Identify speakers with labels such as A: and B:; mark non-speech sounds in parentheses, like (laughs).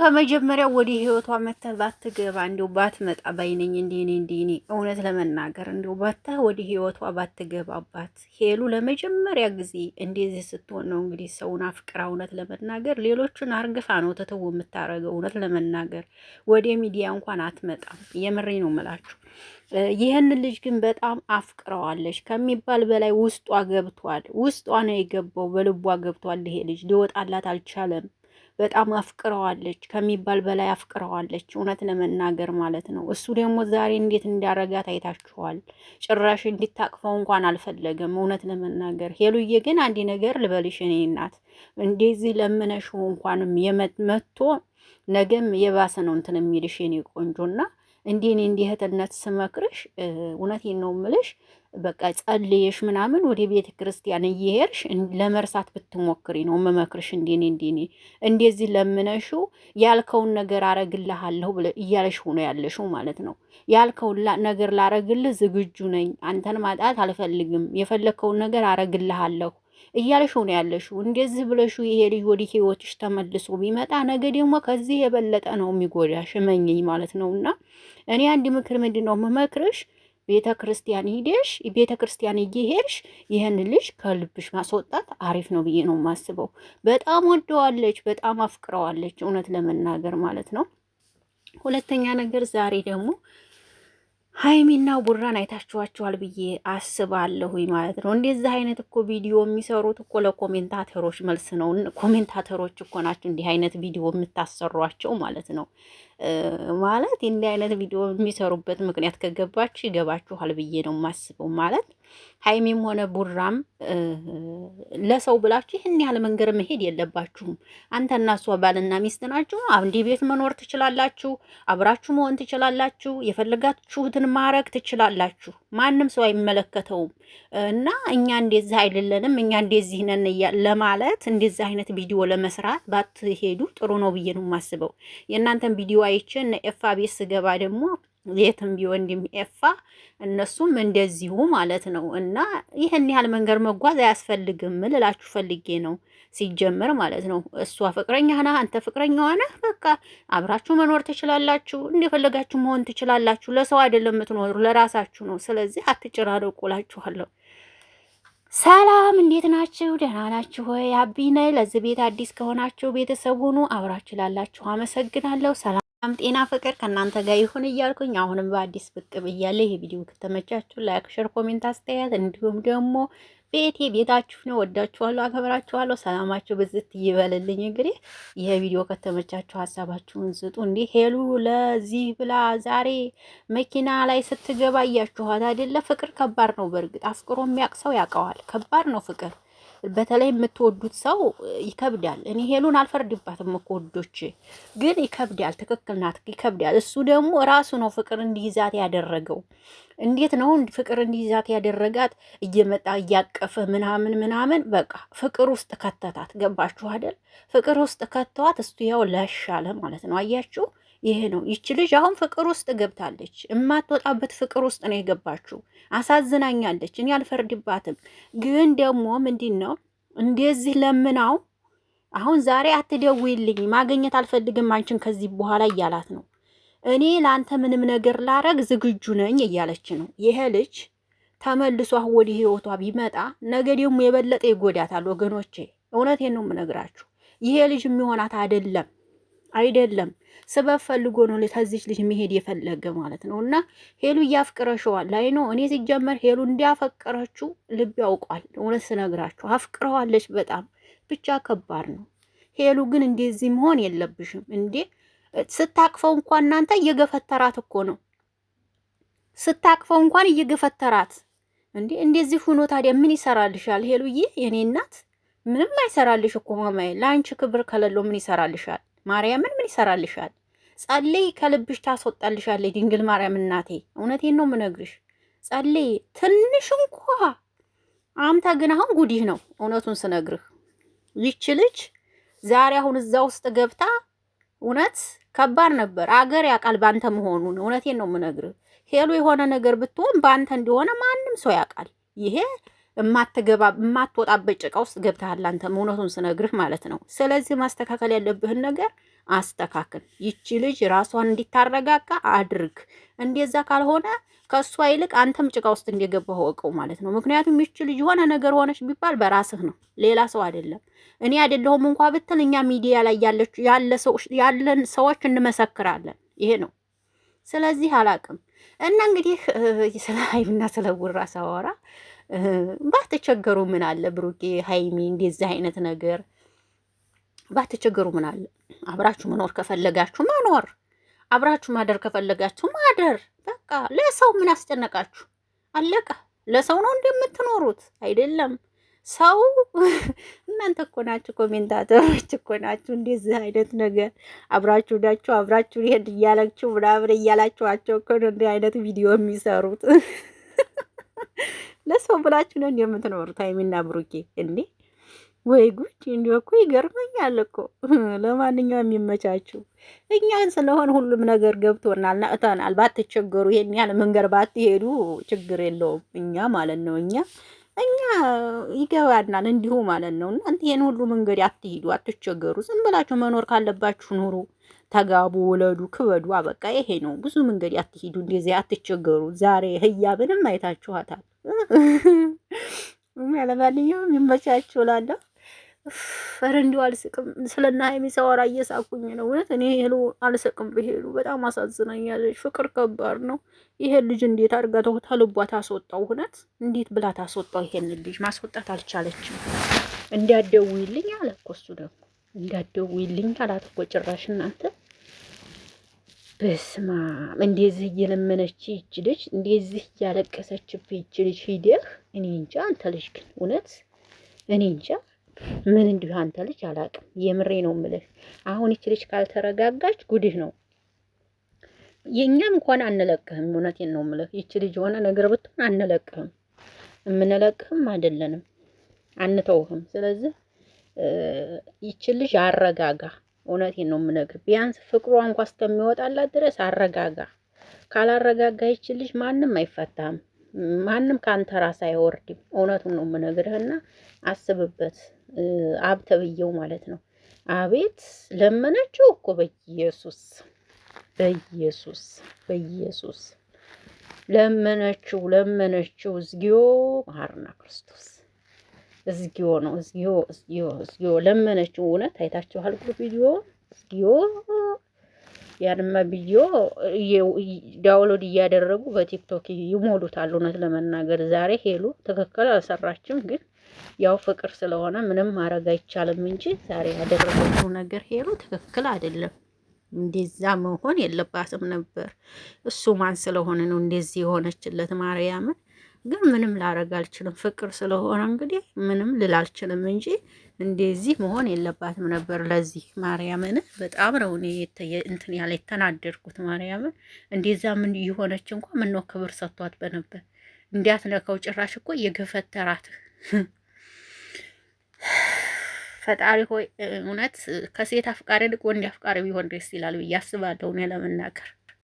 A: ከመጀመሪያው ወደ ህይወቷ መተህ ባትገባ እንዲሁ ባትመጣ ባይነኝ እንዲ እኔ እንዲ እውነት ለመናገር እንዲሁ ባተህ ወደ ህይወቷ ባትገባባት። ሄሉ ለመጀመሪያ ጊዜ እንደዚህ ስትሆን ነው እንግዲህ ሰውን አፍቅራ እውነት ለመናገር ሌሎቹን አርግፋ ነው ትተው የምታረገው። እውነት ለመናገር ወደ ሚዲያ እንኳን አትመጣም። የምሬ ነው ምላችሁ። ይህን ልጅ ግን በጣም አፍቅረዋለች ከሚባል በላይ ውስጧ ገብቷል። ውስጧ ነው የገባው፣ በልቧ ገብቷል። ይሄ ልጅ ሊወጣላት አልቻለም። በጣም አፍቅረዋለች ከሚባል በላይ አፍቅረዋለች፣ እውነት ለመናገር ማለት ነው። እሱ ደግሞ ዛሬ እንዴት እንዳረጋት አይታችኋል። ጭራሽ እንዲታቅፈው እንኳን አልፈለገም፣ እውነት ለመናገር ሄሉዬ። ግን አንድ ነገር ልበልሽ፣ እኔ እናት እንደዚህ ለምነሽው እንኳንም መጥቶ ነገም የባሰ ነው እንትን የሚልሽ የኔ ቆንጆና እንዲህ እኔ እንዲህ እህትነት ስመክርሽ እውነቴን ነው ምልሽ በቃ ጸልየሽ ምናምን ወደ ቤተ ክርስቲያን እየሄድሽ ለመርሳት ብትሞክሪ ነው መመክርሽ። እንዴኔ እንዴኔ እንደዚህ ለምነሽው ያልከውን ነገር አረግልሃለሁ ብለ እያለሽ ሆኖ ያለሽው ማለት ነው። ያልከውን ነገር ላረግልህ ዝግጁ ነኝ፣ አንተን ማጣት አልፈልግም፣ የፈለግከውን ነገር አረግልሃለሁ እያልሽው ነው ያለሽው። እንደዚህ ብለሹ ይሄ ልጅ ወደ ህይወትሽ ተመልሶ ቢመጣ ነገ ደግሞ ከዚህ የበለጠ ነው የሚጎዳሽ፣ እመኚኝ ማለት ነው። እና እኔ አንድ ምክር ምንድን ነው የምመክርሽ ቤተ ክርስቲያን ሂደሽ ቤተ ክርስቲያን እየሄድሽ ይህን ልጅ ከልብሽ ማስወጣት አሪፍ ነው ብዬ ነው የማስበው። በጣም ወደዋለች፣ በጣም አፍቅረዋለች፣ እውነት ለመናገር ማለት ነው። ሁለተኛ ነገር ዛሬ ደግሞ ሀይሚና ቡራን አይታችኋቸዋል ብዬ አስባለሁ ማለት ነው። እንደዚህ አይነት እኮ ቪዲዮ የሚሰሩት እኮ ለኮሜንታተሮች መልስ ነው። ኮሜንታተሮች እኮ ናቸው እንዲህ አይነት ቪዲዮ የምታሰሯቸው ማለት ነው። ማለት እንዲህ አይነት ቪዲዮ የሚሰሩበት ምክንያት ከገባችሁ ይገባችኋል ብዬ ነው የማስበው ማለት ሀይሚም ሆነ ቡራም ለሰው ብላችሁ ይህን ያህል መንገድ መሄድ የለባችሁም። አንተና እሷ ባልና ሚስት ናችሁ። አንድ ቤት መኖር ትችላላችሁ። አብራችሁ መሆን ትችላላችሁ። የፈለጋችሁትን ማረግ ትችላላችሁ። ማንም ሰው አይመለከተውም እና እኛ እንደዚህ አይደለንም፣ እኛ እንደዚህ ነን ለማለት እንደዚህ አይነት ቪዲዮ ለመስራት ባትሄዱ ጥሩ ነው ብዬ ነው የማስበው። የእናንተን ቪዲዮ አይቼ ኤፋ ቤት ስገባ ደግሞ የትም ቢሆን ኤፋ እነሱም እንደዚሁ ማለት ነው። እና ይህን ያህል መንገድ መጓዝ አያስፈልግም ልላችሁ ፈልጌ ነው። ሲጀመር ማለት ነው እሷ ፍቅረኛ ነህ፣ አንተ ፍቅረኛዋ ነህ። በቃ አብራችሁ መኖር ትችላላችሁ፣ እንደፈለጋችሁ መሆን ትችላላችሁ። ለሰው አይደለም የምትኖሩ ለራሳችሁ ነው። ስለዚህ አትጨራረቁ እላችኋለሁ። ሰላም እንዴት ናችሁ? ደህና ናችሁ ወይ? አቢ ነኝ። ለዚህ ቤት አዲስ ከሆናችሁ ቤተሰብ ሁኑ። አብራችሁ ላላችሁ አመሰግናለሁ። ሰላም በጣም ጤና ፍቅር ከእናንተ ጋር ይሁን እያልኩኝ አሁንም በአዲስ ብቅ ብያለሁ። ይሄ ቪዲዮ ከተመቻችሁ ላይክ፣ ሼር፣ ኮሜንት አስተያየት እንዲሁም ደግሞ ቤቴ ቤታችሁ ነው። ወዳችኋለሁ፣ አከብራችኋለሁ። ሰላማችሁ ብዝት ይበልልኝ። እንግዲህ ይሄ ቪዲዮ ከተመቻችሁ ሀሳባችሁን ስጡ። እንዲህ ሄሉ ለዚህ ብላ ዛሬ መኪና ላይ ስትገባ እያችኋት አይደለ? ፍቅር ከባድ ነው። በእርግጥ አፍቅሮ የሚያቅሰው ያውቀዋል። ከባድ ነው ፍቅር በተለይ የምትወዱት ሰው ይከብዳል። እኔ ሄሉን አልፈርድባትም እኮ ወዶች፣ ግን ይከብዳል። ትክክል ናት፣ ይከብዳል። እሱ ደግሞ ራሱ ነው ፍቅር እንዲይዛት ያደረገው። እንዴት ነው ፍቅር እንዲይዛት ያደረጋት? እየመጣ እያቀፈ ምናምን ምናምን፣ በቃ ፍቅር ውስጥ ከተታት። ገባችሁ አይደል? ፍቅር ውስጥ ከተዋት እሱ ያው ለሻለ ማለት ነው። አያችሁ ይሄ ነው። ይቺ ልጅ አሁን ፍቅር ውስጥ ገብታለች። የማትወጣበት ፍቅር ውስጥ ነው የገባችው። አሳዝናኛለች። እኔ አልፈርድባትም። ግን ደግሞ ምንድን ነው እንደዚህ ለምናው አሁን ዛሬ አትደውይልኝ፣ ማግኘት አልፈልግም አንቺን ከዚህ በኋላ እያላት ነው። እኔ ለአንተ ምንም ነገር ላረግ ዝግጁ ነኝ እያለች ነው። ይሄ ልጅ ተመልሶ አሁን ወደ ህይወቷ ቢመጣ ነገ ደግሞ የበለጠ ይጎዳታል። ወገኖቼ እውነቴን ነው የምነግራችሁ። ይሄ ልጅ የሚሆናት አይደለም። አይደለም ስበብ ፈልጎ ነው ለታዚች ልጅ መሄድ የፈለገ ማለት ነው። እና ሄሉ እያፍቅረሸዋል ላይ ነው። እኔ ሲጀመር ሄሉ እንዲያፈቅረችው ልብ ያውቋል። እውነት ስነግራችሁ አፍቅረዋለች በጣም ብቻ ከባድ ነው። ሄሉ ግን እንደዚህ መሆን የለብሽም እንዴ! ስታቅፈው እንኳን እናንተ እየገፈተራት እኮ ነው። ስታቅፈው እንኳን እየገፈተራት እንዴ! እንደዚህ ሆኖ ታዲያ ምን ይሰራልሻል ሄሉዬ? የኔ እናት ምንም አይሰራልሽ እኮ ማማዬ። ለአንቺ ክብር ከሌለው ምን ይሰራልሻል? ማርያምን ምን ይሰራልሻል? ጸልይ፣ ከልብሽ ታስወጣልሻለች ድንግል ማርያም እናቴ። እውነቴን ነው ምነግርሽ። ጸልይ ትንሽ እንኳ አምታ። ግን አሁን ጉዲህ ነው እውነቱን ስነግርህ። ይች ልጅ ዛሬ አሁን እዛ ውስጥ ገብታ እውነት ከባድ ነበር። አገር ያውቃል ባንተ መሆኑን። እውነቴን ነው ምነግርህ ሄሉ የሆነ ነገር ብትሆን በአንተ እንደሆነ ማንም ሰው ያውቃል። ይሄ የማትገባ የማትወጣበት ጭቃ ውስጥ ገብተሃል አንተ እውነቱን ስነግርህ ማለት ነው። ስለዚህ ማስተካከል ያለብህን ነገር አስተካክል። ይቺ ልጅ ራሷን እንዲታረጋጋ አድርግ። እንደዛ ካልሆነ ከእሷ ይልቅ አንተም ጭቃ ውስጥ እንደገባህ ወቀው ማለት ነው። ምክንያቱም ይቺ ልጅ የሆነ ነገር ሆነች ቢባል በራስህ ነው፣ ሌላ ሰው አይደለም። እኔ አይደለሁም እንኳ ብትል እኛ ሚዲያ ላይ ያለን ሰዎች እንመሰክራለን። ይሄ ነው። ስለዚህ አላቅም እና እንግዲህ ስለ ሀይብና ስለ ጉራ ሳወራ ባትቸገሩ ምን አለ ብሩኬ፣ ሀይሚ እንደዚህ አይነት ነገር ባትቸገሩ ምን አለ። አብራችሁ መኖር ከፈለጋችሁ መኖር፣ አብራችሁ ማደር ከፈለጋችሁ ማደር። በቃ ለሰው ምን አስጨነቃችሁ? አለቀ። ለሰው ነው እንደምትኖሩት አይደለም ሰው (laughs) እናንተ እኮ ናችሁ፣ ኮሜንታተሮች እኮ ናችሁ። እንደዚህ አይነት ነገር አብራችሁ ናችሁ አብራችሁ ሄድ እያላችሁ ምናምን እያላችኋቸው እኮ ነው እንዲህ አይነት ቪዲዮ የሚሰሩት። (laughs) ለሰው ብላችሁ ነው የምትኖሩት ሀይሚና ብሩኬ እንዴ? ወይ ጉድ! እንዲ እኮ ይገርመኛል እኮ። ለማንኛውም የሚመቻችው እኛን ስለሆን ሁሉም ነገር ገብቶናል፣ ነቅተናል። ባትቸገሩ ይሄን ያህል መንገድ ባትሄዱ ችግር የለውም። እኛ ማለት ነው እኛ እኛ ይገባናል እንዲሁ ማለት ነው። እናንተ ይሄን ሁሉ መንገድ አትሂዱ፣ አትቸገሩ። ዝም ብላችሁ መኖር ካለባችሁ ኑሩ፣ ተጋቡ፣ ወለዱ፣ ክበዱ። አበቃ ይሄ ነው። ብዙ መንገድ አትሂዱ፣ እንደዚህ አትቸገሩ። ዛሬ ህያብንም አይታችኋታል። ለማንኛውም ይመቻችሁ እላለሁ። ኧረ አልስቅም። ስለ እነ እየሳኩኝ ነው እውነት። እኔ ሄሉ አልስቅም። በሄሉ በጣም አሳዝናኛለች። ፍቅር ከባድ ነው። ይሄን ልጅ እንዴት አድርጋ ተልቧ ታስወጣው? እውነት እንዴት ብላ ታስወጣው? ይሄን ልጅ ማስወጣት አልቻለችም። እንዲያደውይልኝ አለ እኮ እሱ ደግሞ እንዲያደውይልኝ አላት እኮ ጭራሽ እናንተ በስማ እንደዚህ እየለመነች ይች ልጅ እንደዚህ ያለቀሰች ይች ልጅ ሂደህ እኔ እንጃ። አንተ ልጅ ግን እውነት እኔ እንጃ ምን እንዲሁ አንተ ልጅ አላቅም። የምሬ ነው ምልህ። አሁን ይች ልጅ ካልተረጋጋች ጉድህ ነው። የእኛም እንኳን አንለቅህም። እውነቴን ነው ምልህ። ይች ልጅ የሆነ ነገር ብትሆን አንለቅህም። የምንለቅህም አይደለንም፣ አንተውህም። ስለዚህ ይች ልጅ አረጋጋ። እውነቴን ነው የምነግርህ። ቢያንስ ፍቅሯ እንኳ እስከሚወጣላት ድረስ አረጋጋ። ካላረጋጋ ልጅ ማንም አይፈታም፣ ማንም ከአንተ ራስ አይወርድም። እውነቱን ነው የምነግርህና አስብበት። አብ ተብዬው ማለት ነው። አቤት ለመነችው እኮ በኢየሱስ በኢየሱስ በኢየሱስ ለመነችው፣ ለመነችው። እግዚኦ መሐረነ ክርስቶስ እዝጊዮ ነው። እዝጊዮ እዝጊዮ እዝጊዮ ለመነችው። እውነት አይታችኋል ሁሉ ቪዲዮ እዝጊዮ ያንማ ቪዲዮ ዳውንሎድ እያደረጉ በቲክቶክ ይሞሉታል። እውነት ለመናገር ዛሬ ሄሉ ትክክል አልሰራችም፣ ግን ያው ፍቅር ስለሆነ ምንም ማድረግ አይቻልም እንጂ ዛሬ ያደረገችው ነገር ሄሉ ትክክል አይደለም። እንደዛ መሆን የለባትም ነበር። እሱ ማን ስለሆነ ነው እንደዚህ የሆነችለት ማርያምን ግን ምንም ላረግ አልችልም። ፍቅር ስለሆነ እንግዲህ ምንም ልል አልችልም እንጂ እንደዚህ መሆን የለባትም ነበር። ለዚህ ማርያምን በጣም ነው እኔ እንትን ያለ የተናደድኩት። ማርያምን እንደዛ ምን የሆነች እንኳ ነው ክብር ሰጥቷት በነበር ነከው። ጭራሽ እኮ የገፈተራት ፈጣሪ ሆይ እውነት ከሴት አፍቃሪ ልቅ ወንድ አፍቃሪ ቢሆን ደስ ይላል ብዬ አስባለሁ እኔ ለመናገር